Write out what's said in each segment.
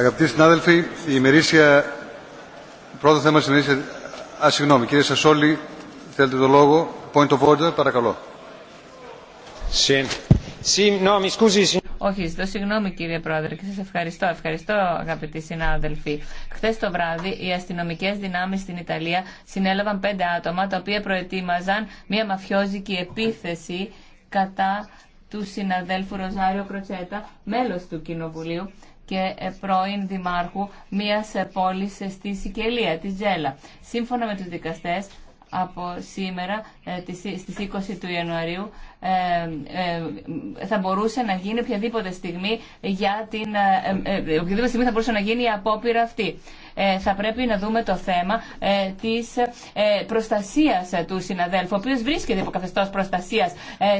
Αγαπητοί συνάδελφοι, η ημερήσια... Πρώτο θέμα στην ημερήσια... Α, συγγνώμη, κύριε Σασόλη, θέλετε το λόγο. Point of order, παρακαλώ. Όχι, ζητώ συγγνώμη κύριε Πρόεδρε και σα ευχαριστώ. Ευχαριστώ αγαπητοί συνάδελφοι. Χθε το βράδυ οι αστυνομικέ δυνάμει στην Ιταλία συνέλαβαν πέντε άτομα τα οποία προετοίμαζαν μια μαφιόζικη επίθεση κατά του συναδέλφου Ροζάριο Κροτσέτα, μέλο του Κοινοβουλίου και πρώην δημάρχου μία πόλη στη Σικελία, τη Τζέλα. Σύμφωνα με του δικαστέ, από σήμερα ε, στι 20 του Ιανουαρίου ε, ε, θα μπορούσε να γίνει οποιαδήποτε στιγμή για την οποιαδήποτε στιγμή θα μπορούσε να γίνει η απόπειρα αυτή. Θα πρέπει να δούμε το θέμα της προστασία του συναδέλφου, ο οποίο βρίσκεται υπό καθεστώς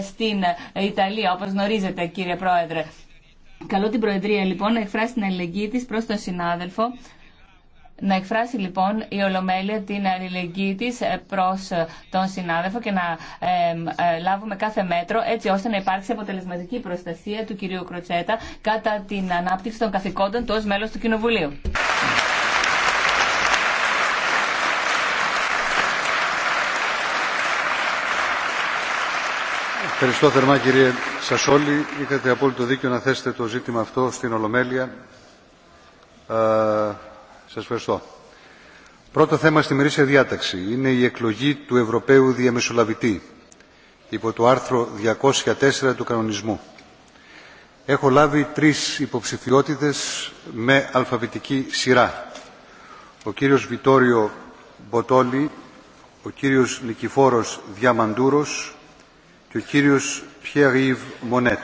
στην Ιταλία, όπω γνωρίζετε κύριε Πρόεδρε. Καλώ την Προεδρία λοιπόν να εκφράσει την αλληλεγγύη της προς τον συνάδελφο να εκφράσει λοιπόν η Ολομέλεια την αλληλεγγύη της ε, προς ε, τον συνάδελφο και να ε, λάβουμε κάθε μέτρο έτσι ώστε να υπάρξει αποτελεσματική προστασία του κυρίου Κροτσέτα κατά την ανάπτυξη των καθηκόντων του ως μέλος του Κοινοβουλίου. Ευχαριστώ θερμά κύριε Σασόλη. Είχατε απόλυτο δίκιο να θέσετε το ζήτημα αυτό στην Ολομέλεια. Ε, σας ευχαριστώ. Πρώτο θέμα στη μερίσια διάταξη είναι η εκλογή του Ευρωπαίου Διαμεσολαβητή υπό το άρθρο 204 του κανονισμού. Έχω λάβει τρεις υποψηφιότητες με αλφαβητική σειρά. Ο κύριος Βιτόριο Μποτόλη, ο κύριος Νικηφόρος Διαμαντούρος και ο κύριος Pierre Μονέτ.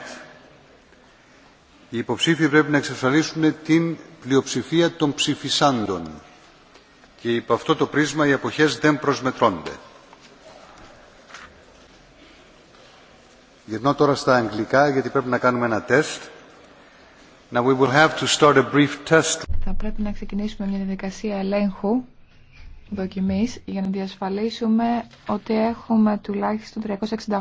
Οι υποψήφοι πρέπει να εξασφαλίσουν την πλειοψηφία των ψηφισάντων και υπό αυτό το πρίσμα οι αποχές δεν προσμετρώνται. Γυρνώ τώρα στα αγγλικά γιατί πρέπει να κάνουμε ένα τεστ. we will have to start a brief test. Θα πρέπει να ξεκινήσουμε μια διαδικασία ελέγχου δοκιμής για να διασφαλίσουμε ότι έχουμε τουλάχιστον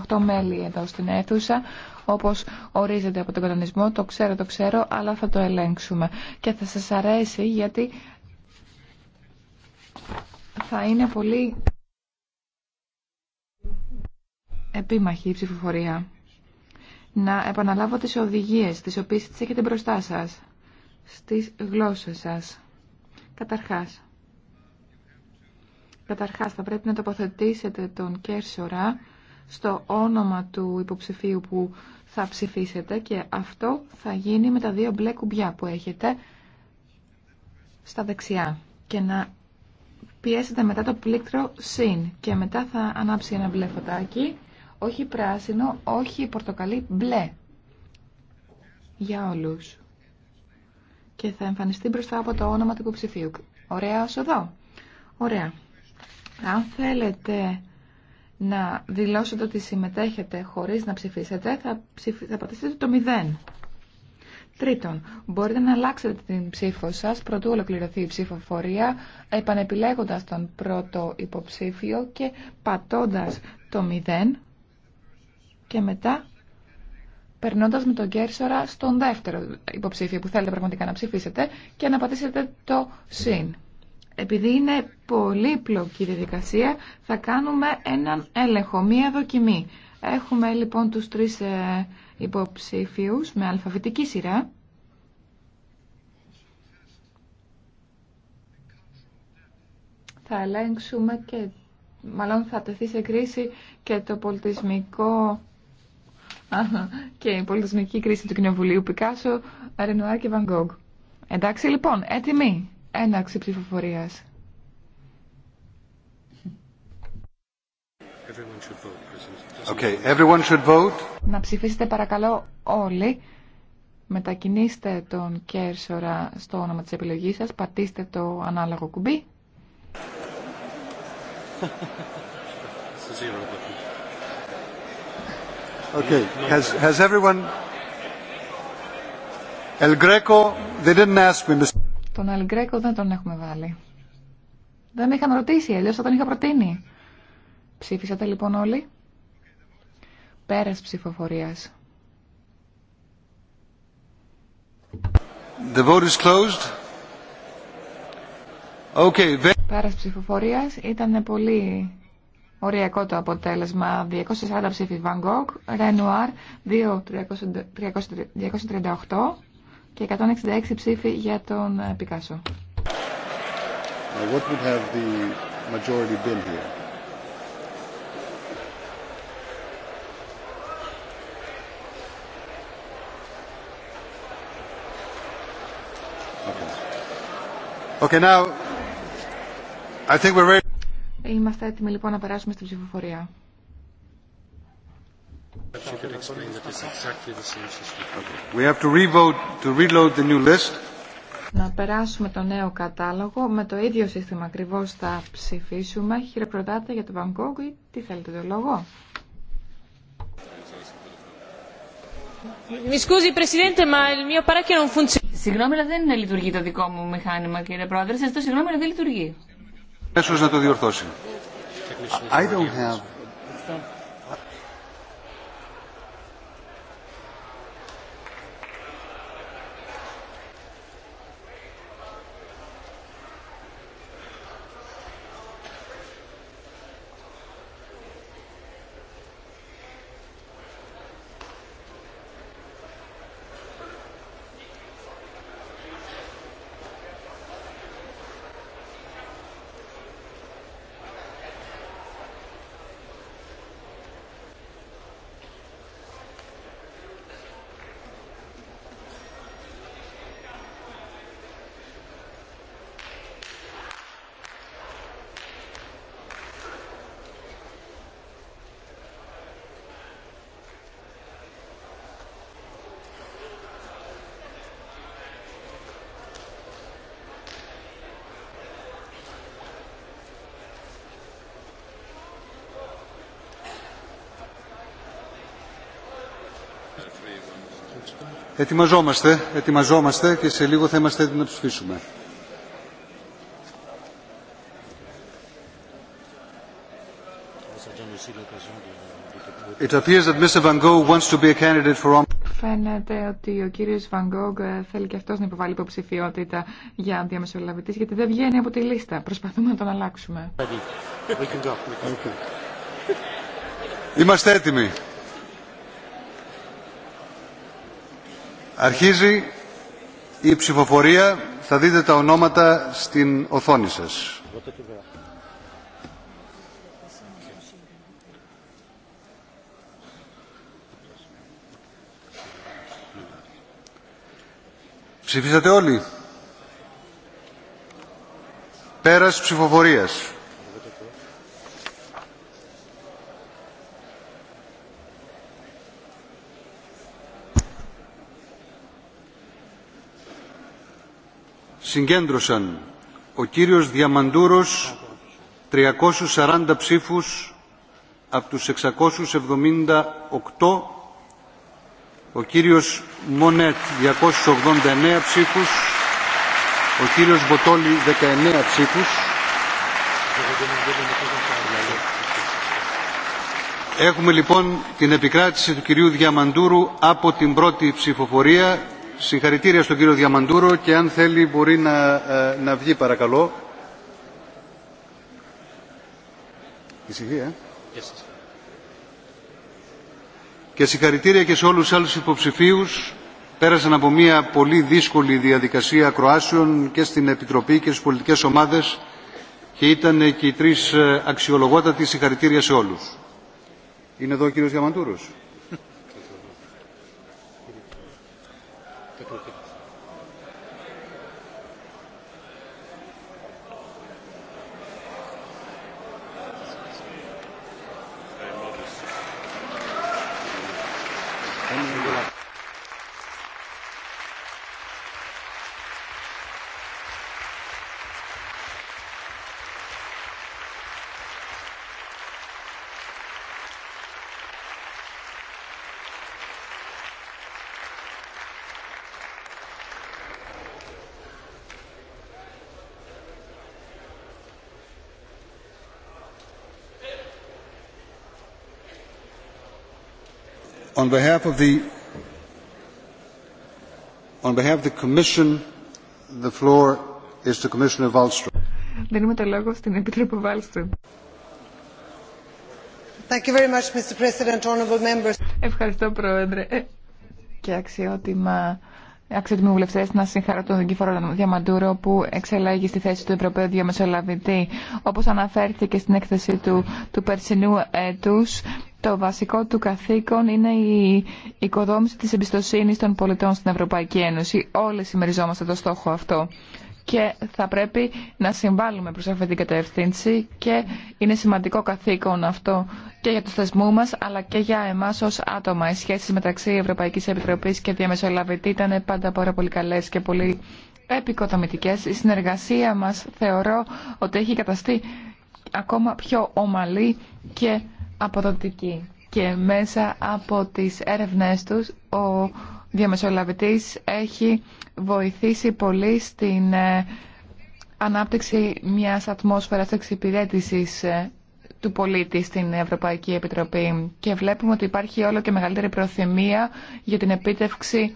368 μέλη εδώ στην αίθουσα όπως ορίζεται από τον κανονισμό, το ξέρω, το ξέρω, αλλά θα το ελέγξουμε. Και θα σας αρέσει γιατί θα είναι πολύ επίμαχη η ψηφοφορία. Να επαναλάβω τις οδηγίες, τις οποίες τις έχετε μπροστά σας, στις γλώσσες σας. Καταρχάς, Καταρχάς θα πρέπει να τοποθετήσετε τον Κέρσορα στο όνομα του υποψηφίου που θα ψηφίσετε και αυτό θα γίνει με τα δύο μπλε κουμπιά που έχετε στα δεξιά και να πιέσετε μετά το πλήκτρο συν και μετά θα ανάψει ένα μπλε φωτάκι όχι πράσινο, όχι πορτοκαλί, μπλε για όλους και θα εμφανιστεί μπροστά από το όνομα του υποψηφίου. Ωραία ως εδώ. Ωραία. Αν θέλετε να δηλώσετε ότι συμμετέχετε χωρίς να ψηφίσετε, θα, πατήσετε το 0. Τρίτον, μπορείτε να αλλάξετε την ψήφο σας πρωτού ολοκληρωθεί η ψηφοφορία, επανεπιλέγοντας τον πρώτο υποψήφιο και πατώντας το 0 και μετά περνώντας με τον κέρσορα στον δεύτερο υποψήφιο που θέλετε πραγματικά να ψηφίσετε και να πατήσετε το συν επειδή είναι πολύπλοκη η διαδικασία, θα κάνουμε έναν έλεγχο, μία δοκιμή. Έχουμε λοιπόν τους τρεις ε, υποψήφιους με αλφαβητική σειρά. Θα ελέγξουμε και μάλλον θα τεθεί σε κρίση και το πολιτισμικό και η πολιτισμική κρίση του Κοινοβουλίου Πικάσο, Ρενουάρ και Βαγκόγκ. Εντάξει λοιπόν, έτοιμοι έναρξη ψηφοφορία. Okay, everyone should vote. Να ψηφίσετε παρακαλώ όλοι. Μετακινήστε τον κέρσορα στο όνομα της επιλογής σας. Πατήστε το ανάλογο κουμπί. Okay. Has, has everyone... El Greco, they didn't ask me, Mr. Τον Αλγκρέκο δεν τον έχουμε βάλει. Δεν με είχαν ρωτήσει, αλλιώ θα τον είχα προτείνει. Ψήφισατε λοιπόν όλοι. Πέρας ψηφοφορίας. The vote is closed. Okay. Πέρας ψηφοφορίας ήταν πολύ οριακό το αποτέλεσμα. 240 ψήφι Van Gogh, Renoir 238 και 166 ψήφοι για τον ε, Πικάσο. what would have the majority been here? Okay, now, I think we're ready. Είμαστε έτοιμοι λοιπόν να περάσουμε στην ψηφοφορία. Να περάσουμε το νέο κατάλογο. Με το ίδιο σύστημα ακριβώ θα ψηφίσουμε. Χειροκροτάτε για το Bangkok ή τι θέλετε το λόγο. Συγγνώμη, αλλά δεν λειτουργεί το δικό μου μηχάνημα, κύριε Πρόεδρε. Σα το συγγνώμη, αλλά δεν λειτουργεί. να I don't have... Ετοιμαζόμαστε, ετοιμαζόμαστε και σε λίγο θα είμαστε έτοιμοι να ψηφίσουμε. It Φαίνεται ότι ο κύριος Van ε, θέλει και αυτός να υποβάλει υποψηφιότητα για διαμεσολαβητής, γιατί δεν βγαίνει από τη λίστα. Προσπαθούμε να τον αλλάξουμε. Είμαστε έτοιμοι. Αρχίζει η ψηφοφορία. Θα δείτε τα ονόματα στην οθόνη σας. Ψηφίσατε όλοι. Πέρας ψηφοφορίας. συγκέντρωσαν ο κύριος Διαμαντούρος 340 ψήφους από τους 678, ο κύριος Μονέτ 289 ψήφους, ο κύριος Μποτόλη 19 ψήφους. Έχουμε λοιπόν την επικράτηση του κυρίου Διαμαντούρου από την πρώτη ψηφοφορία Συγχαρητήρια στον κύριο Διαμαντούρο και αν θέλει μπορεί να, ε, να βγει παρακαλώ. Ε? Και συγχαρητήρια και σε όλους τους άλλους υποψηφίους. Πέρασαν από μια πολύ δύσκολη διαδικασία ακροάσεων και στην Επιτροπή και στις πολιτικές ομάδες και ήταν και οι τρεις ε, αξιολογότατοι συγχαρητήρια σε όλους. Είναι εδώ ο κύριος Διαμαντούρος. On behalf of the On behalf of the Commission, the floor is to Commissioner Wallström. Δίνουμε το λόγο στην Επίτροπο Thank you very much, Mr. President, honorable members. Ευχαριστώ, Πρόεδρε. Και αξιότιμα Αξιότιμοι βουλευτέ, να συγχαρώ τον Δικήφορο Διαμαντούρο που εξελέγει στη θέση του Ευρωπαίου Διαμεσολαβητή. Όπω αναφέρθηκε στην έκθεση του, του περσινού έτου, το βασικό του καθήκον είναι η οικοδόμηση της εμπιστοσύνης των πολιτών στην Ευρωπαϊκή Ένωση. Όλοι συμμεριζόμαστε το στόχο αυτό και θα πρέπει να συμβάλλουμε προς αυτή την κατεύθυνση και είναι σημαντικό καθήκον αυτό και για το θεσμού μας αλλά και για εμάς ως άτομα. Οι σχέσεις μεταξύ Ευρωπαϊκής Επιτροπής και Διαμεσολαβητή ήταν πάντα πάρα πολύ καλές και πολύ επικοδομητικές. Η συνεργασία μας θεωρώ ότι έχει καταστεί ακόμα πιο ομαλή και αποδοτική και μέσα από τις έρευνές τους ο διαμεσολαβητής έχει βοηθήσει πολύ στην ε, ανάπτυξη μιας ατμόσφαιρας εξυπηρέτησης ε, του πολίτη στην Ευρωπαϊκή Επιτροπή και βλέπουμε ότι υπάρχει όλο και μεγαλύτερη προθυμία για την επίτευξη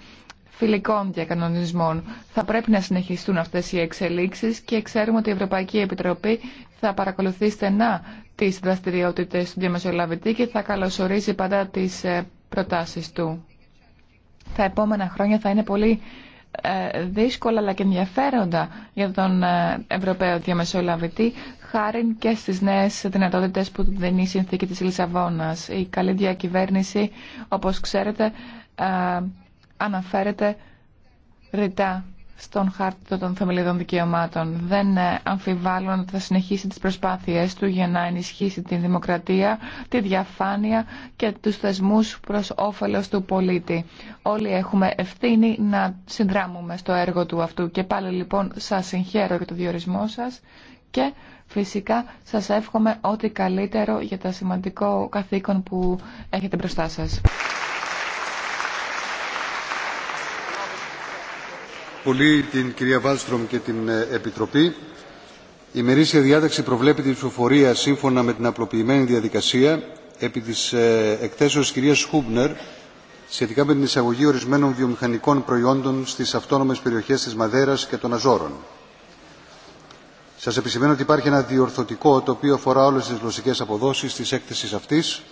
φιλικών διακανονισμών. Θα πρέπει να συνεχιστούν αυτές οι εξελίξεις και ξέρουμε ότι η Ευρωπαϊκή Επιτροπή θα παρακολουθεί στενά τις δραστηριότητες του διαμεσολαβητή και θα καλωσορίζει πάντα τις ε, προτάσεις του. Τα επόμενα χρόνια θα είναι πολύ ε, δύσκολα αλλά και ενδιαφέροντα για τον ε, Ευρωπαίο διαμεσολαβητή χάρη και στις νέες δυνατότητες που δίνει η συνθήκη της Λισαβόνας. Η καλή διακυβέρνηση, όπως ξέρετε, αναφέρεται ρητά στον χάρτη των θεμελιδών δικαιωμάτων. Δεν ε, αμφιβάλλω ότι θα συνεχίσει τις προσπάθειές του για να ενισχύσει την δημοκρατία, τη διαφάνεια και τους θεσμούς προς όφελος του πολίτη. Όλοι έχουμε ευθύνη να συνδράμουμε στο έργο του αυτού. Και πάλι λοιπόν σας συγχαίρω για το διορισμό σας και φυσικά σας εύχομαι ό,τι καλύτερο για τα σημαντικό καθήκον που έχετε μπροστά σας. πολύ την κυρία Βάλστρομ και την ε, Επιτροπή. Η μερίσια διάταξη προβλέπει την ψηφοφορία σύμφωνα με την απλοποιημένη διαδικασία επί της ε, εκθέσεως της κυρίας Χούμπνερ σχετικά με την εισαγωγή ορισμένων βιομηχανικών προϊόντων στις αυτόνομες περιοχές της Μαδέρας και των Αζόρων. Σας επισημαίνω ότι υπάρχει ένα διορθωτικό το οποίο αφορά όλες τις γλωσσικές αποδόσεις της έκθεσης αυτής.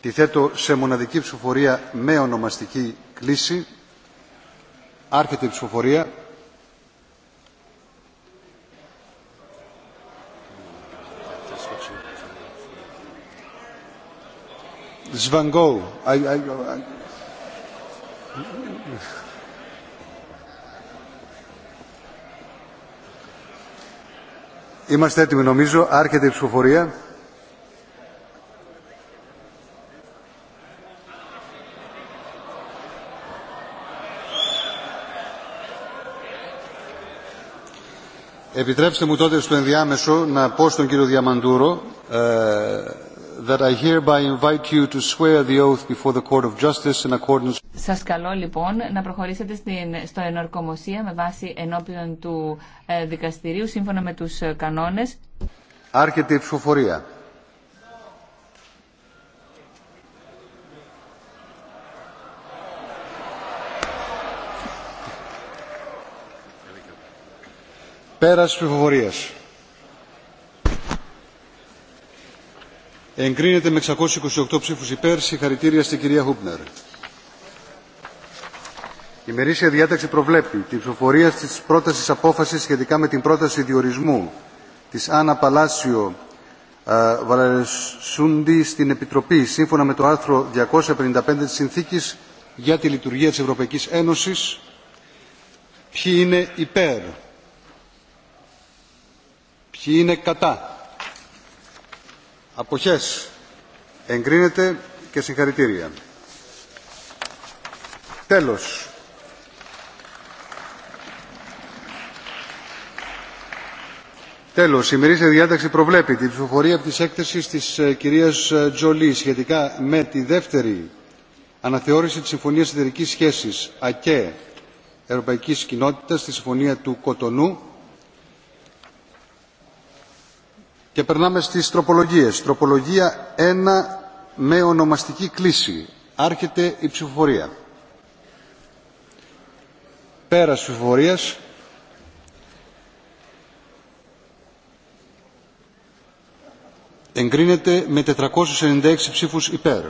Τη θέτω σε μοναδική ψηφοφορία με ονομαστική κλίση. Άρχεται η ψηφοφορία. Σβανγκό. Είμαστε έτοιμοι νομίζω. Άρχεται η ψηφοφορία. Επιτρέψτε μου τότε στο ενδιάμεσο να πω στον κύριο Διαμαντούρο uh, that I hereby invite you to swear the oath before the Court of Justice in accordance Σας καλώ λοιπόν να προχωρήσετε στην, στο ενορκομοσία με βάση ενώπιον του ε, δικαστηρίου σύμφωνα με τους ε, κανόνες. Άρχεται η ψηφοφορία. Πέρας ψηφοφορίας. Εγκρίνεται με 628 ψήφους υπέρ. Συγχαρητήρια στην κυρία Χούπνερ. Η μερίσια διάταξη προβλέπει την ψηφοφορία τη πρόταση απόφασης, σχετικά με την πρόταση διορισμού της Άννα Παλάσιο ε, Βαλαρεσούντι στην Επιτροπή σύμφωνα με το άρθρο 255 της Συνθήκης για τη λειτουργία της Ευρωπαϊκής Ένωσης. Ποιοι είναι υπέρ. Ποιοι είναι κατά. Αποχές. Εγκρίνεται και συγχαρητήρια. Τέλος. Τέλος, η μερίσια διάταξη προβλέπει την ψηφοφορία από τις έκθεσης της ε, κυρίας ε, Τζολί σχετικά με τη δεύτερη αναθεώρηση της Συμφωνίας Εταιρικής Σχέσης ΑΚΕ Ευρωπαϊκής Κοινότητας στη Συμφωνία του Κοτονού Και περνάμε στις τροπολογίες. Τροπολογία 1 με ονομαστική κλίση. Άρχεται η ψηφοφορία. Πέρας ψηφοφορίας. Εγκρίνεται με 496 ψήφους υπέρ.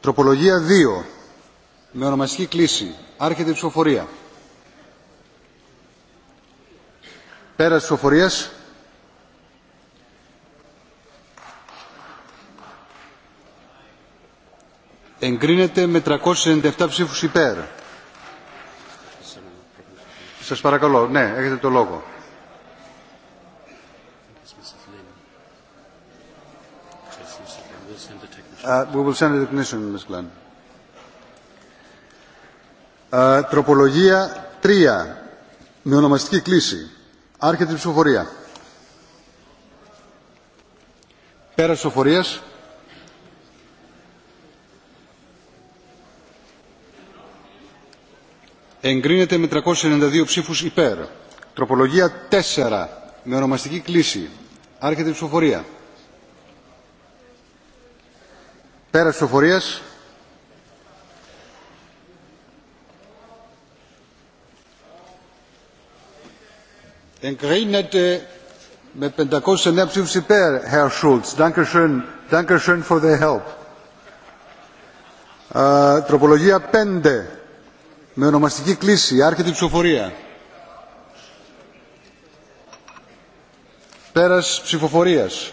Τροπολογία 2 με ονομαστική κλίση. Άρχεται η ψηφοφορία. Πέρας ψηφοφορίας. εγκρίνεται με 397 ψήφους υπέρ. Σας παρακαλώ, ναι, έχετε το λόγο. Uh, we send uh, τροπολογία 3. Με ονομαστική κλίση. Άρχεται η ψηφοφορία. Πέρα ψηφοφορίας. εγκρίνεται με 392 ψήφους υπέρ. Τροπολογία 4 με ονομαστική κλίση. Άρχεται η ψηφοφορία. Πέρα ψηφοφορίας. Εγκρίνεται με 509 ψήφους υπέρ, Herr Schulz. Dankeschön. Dankeschön for the help. Uh, τροπολογία 5 με ονομαστική κλίση άρχεται η ψηφοφορία πέρας ψηφοφορίας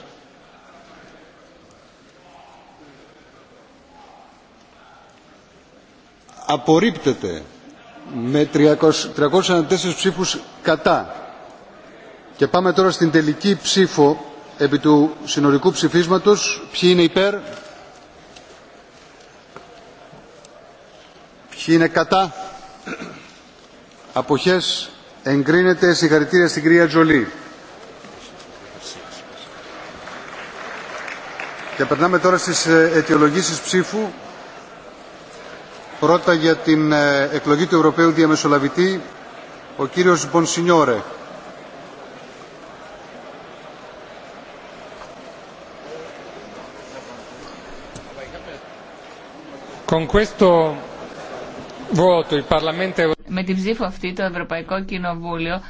απορρίπτεται με 300, 304 ψήφους κατά και πάμε τώρα στην τελική ψήφο επί του συνολικού ψηφίσματος ποιοι είναι υπέρ ποιοι είναι κατά Αποχές εγκρίνεται. Συγχαρητήρια στην κυρία Τζολή. Και περνάμε τώρα στις ε, αιτιολογήσεις ψήφου. Πρώτα για την ε, εκλογή του Ευρωπαίου Διαμεσολαβητή, ο κύριος Μπονσινιόρε. Con questo voto il Parlamento με την ψήφο αυτή το Ευρωπαϊκό Κοινοβούλιο